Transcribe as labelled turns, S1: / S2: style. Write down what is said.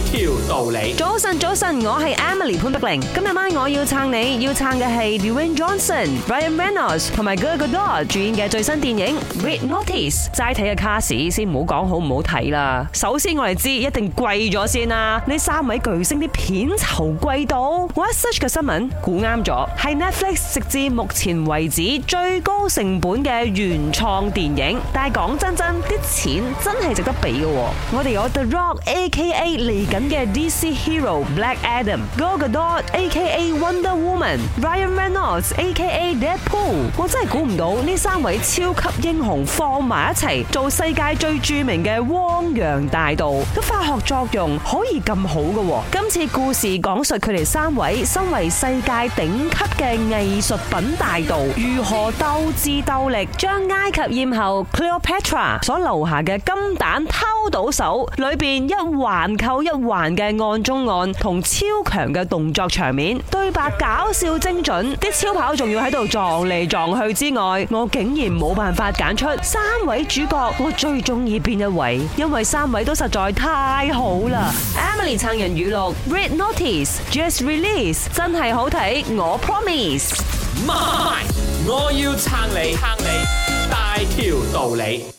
S1: 條道理。早
S2: 晨，早晨，我係 Emily 潘碧玲。今日晚我要撐你，要撐嘅係 Dwayne Johnson、Ryan Reynolds 同埋 Gal Gadot 主演嘅最新電影《Red Notice》。齋睇嘅卡士先說，先唔好講好唔好睇啦。首先我哋知道一定貴咗先啦。呢三位巨星啲片酬貴到。我 search 嘅新聞估啱咗，係 Netflix 直至目前為止最高成本嘅原創電影但說。但係講真真啲錢真係值得俾嘅。我哋有 The Rock A K A 緊嘅 DC Hero Black Adam、Gal Gadot A.K.A Wonder Woman、Ryan Reynolds A.K.A Deadpool，我真係估唔到呢三位超級英雄放埋一齊做世界最著名嘅汪洋大盜，佢化學作用可以咁好嘅。今次故事講述佢哋三位身為世界頂級嘅藝術品大盜，如何鬥智鬥力將埃及艷后 Cleopatra 所留下嘅金蛋偷到手，裏邊一環扣一。一環嘅案中案同超強嘅動作場面，對白搞笑精準，啲超跑仲要喺度撞嚟撞去之外，我竟然冇辦法揀出三位主角我最中意邊一位，因為三位都實在太好啦！Emily 撐人語錄 Red Notice just release 真係好睇，我 promise。
S1: 我要撐你，撐你大條道理。